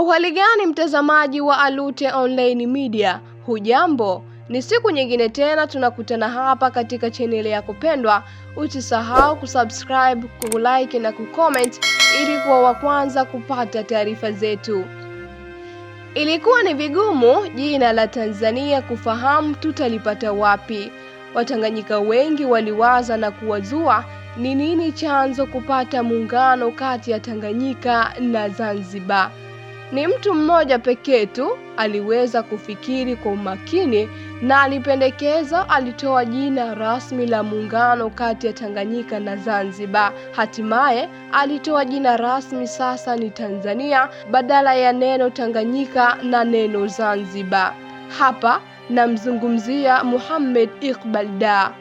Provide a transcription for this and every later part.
Auhali gani mtazamaji wa Alute Online Media, hujambo? Ni siku nyingine tena tunakutana hapa katika chaneli yako pendwa. Usisahau kusubscribe, kulike na kucomment ili kuwa wa kwanza kupata taarifa zetu. Ilikuwa ni vigumu jina la Tanzania kufahamu tutalipata wapi. Watanganyika wengi waliwaza na kuwazua ni nini chanzo kupata muungano kati ya Tanganyika na Zanzibar. Ni mtu mmoja pekee tu aliweza kufikiri kwa umakini na alipendekeza. Alitoa jina rasmi la muungano kati ya Tanganyika na Zanzibar. Hatimaye alitoa jina rasmi, sasa ni Tanzania badala ya neno Tanganyika na neno Zanzibar. Hapa namzungumzia Muhammad Iqbal Dar.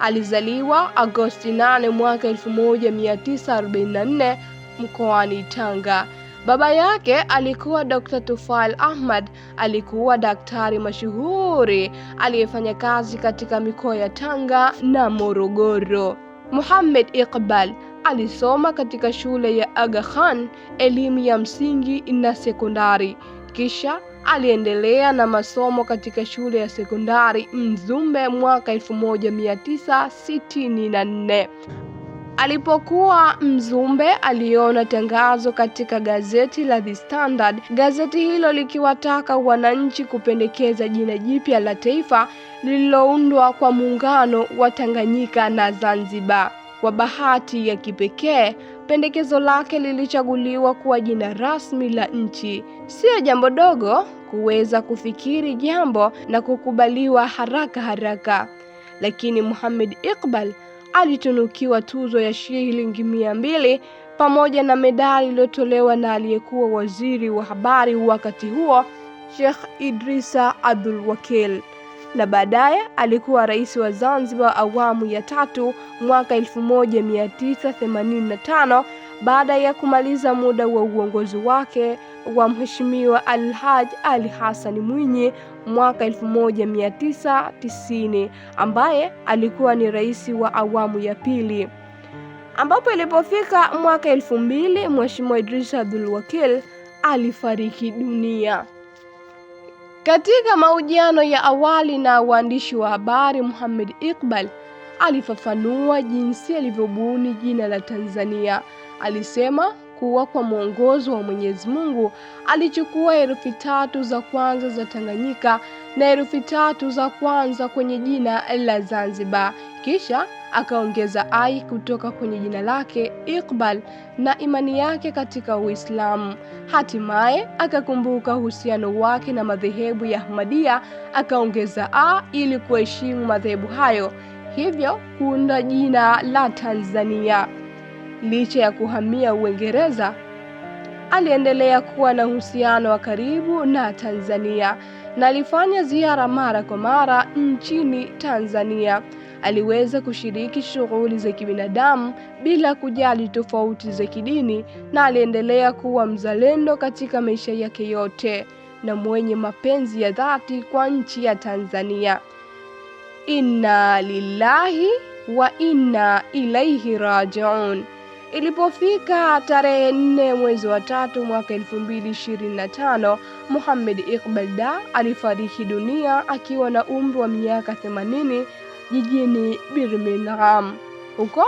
Alizaliwa Agosti 8 mwaka 1944 mkoani Tanga. Baba yake alikuwa Dr. Tufail Ahmad, alikuwa daktari mashuhuri aliyefanya kazi katika mikoa ya Tanga na Morogoro. Muhammad Iqbal alisoma katika shule ya Aga Khan elimu ya msingi na sekondari, kisha aliendelea na masomo katika shule ya sekondari Mzumbe mwaka 1964. Alipokuwa Mzumbe aliona tangazo katika gazeti la The Standard, gazeti hilo likiwataka wananchi kupendekeza jina jipya la taifa lililoundwa kwa muungano wa Tanganyika na Zanzibar. Kwa bahati ya kipekee, pendekezo lake lilichaguliwa kuwa jina rasmi la nchi. Sio jambo dogo kuweza kufikiri jambo na kukubaliwa haraka haraka, lakini Muhammad Iqbal alitunukiwa tuzo ya shilingi mia mbili pamoja na medali iliyotolewa na aliyekuwa waziri wa habari wakati huo Sheikh Idrisa Abdul Wakil na baadaye alikuwa rais wa Zanzibar awamu ya tatu mwaka 1985 baada ya kumaliza muda wa uongozi wake wa Mheshimiwa Alhaj Ali Hassan Mwinyi mwaka 1990 ambaye alikuwa ni rais wa awamu ya pili, ambapo ilipofika mwaka 2000 Mheshimiwa Idris Abdul Wakil alifariki dunia. Katika mahojiano ya awali na waandishi wa habari, Muhammad Iqbal alifafanua jinsi alivyobuni jina la Tanzania Alisema kuwa kwa mwongozo wa Mwenyezi Mungu alichukua herufi tatu za kwanza za Tanganyika na herufi tatu za kwanza kwenye jina la Zanzibar, kisha akaongeza ai kutoka kwenye jina lake Iqbal na imani yake katika Uislamu. Hatimaye akakumbuka uhusiano wake na madhehebu ya Ahmadia, akaongeza a ili kuheshimu madhehebu hayo, hivyo kuunda jina la Tanzania. Licha ya kuhamia Uingereza, aliendelea kuwa na uhusiano wa karibu na Tanzania na alifanya ziara mara kwa mara nchini Tanzania. Aliweza kushiriki shughuli za kibinadamu bila kujali tofauti za kidini, na aliendelea kuwa mzalendo katika maisha yake yote na mwenye mapenzi ya dhati kwa nchi ya Tanzania. Inna lillahi wa inna ilaihi rajiun. Ilipofika tarehe nne mwezi wa tatu mwaka elfu mbili ishirini na tano Muhammad Iqbal Da alifariki dunia akiwa na umri wa miaka 80 jijini Birmingham huko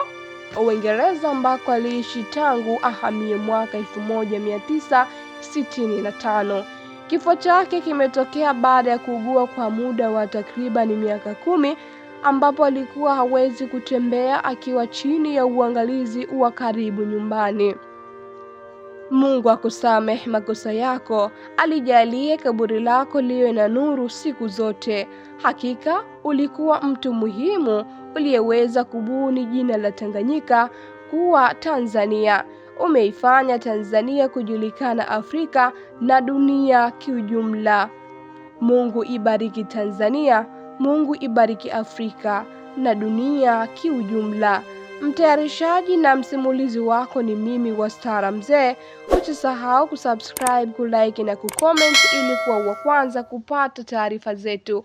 Uingereza ambako aliishi tangu ahamie mwaka 1965. Kifo chake kimetokea baada ya kuugua kwa muda wa takribani miaka kumi ambapo alikuwa hawezi kutembea akiwa chini ya uangalizi wa karibu nyumbani. Mungu akusamehe makosa yako, alijalie kaburi lako liwe na nuru siku zote. Hakika ulikuwa mtu muhimu uliyeweza kubuni jina la Tanganyika kuwa Tanzania. Umeifanya Tanzania kujulikana Afrika na dunia kiujumla. Mungu ibariki Tanzania. Mungu ibariki Afrika na dunia kiujumla. Mtayarishaji na msimulizi wako ni mimi Wastara Mzee. Usisahau kusubscribe, kulike na kucomment ili kuwa wa kwanza kupata taarifa zetu.